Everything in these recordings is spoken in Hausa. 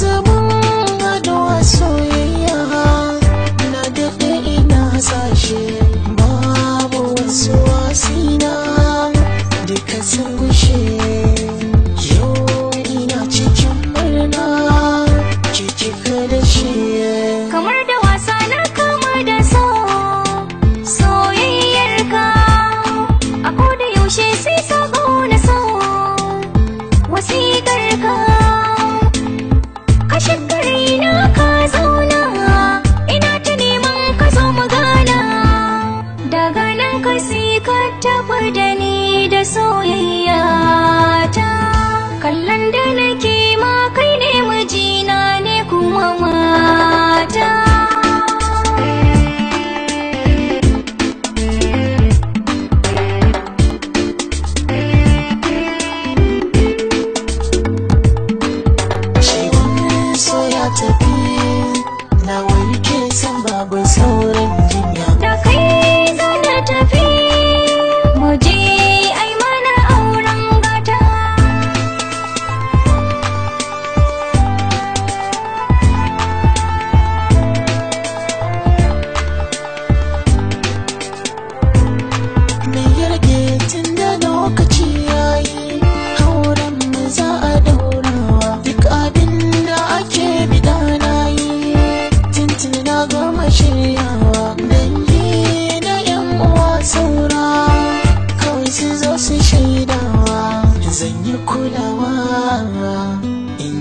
Cause I'm daga nan ka sai ka tafi da ni da soyayya ta kallon da nake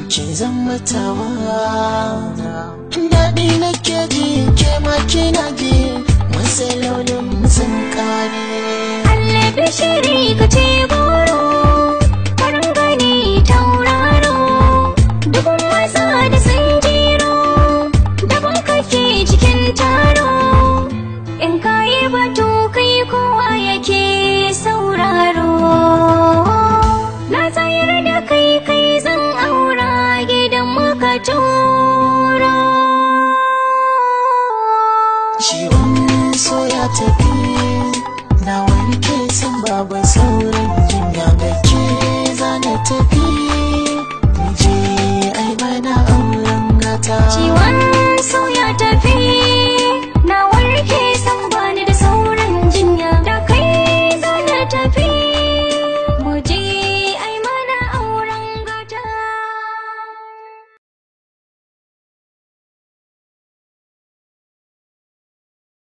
ki zama tawa daɗi nake ji ke ma kina ji matsalolin sun kare Allah bishiri ka ce goro farin gani tauraro dubun maza da sun jero daban kake cikin taro in kayi batu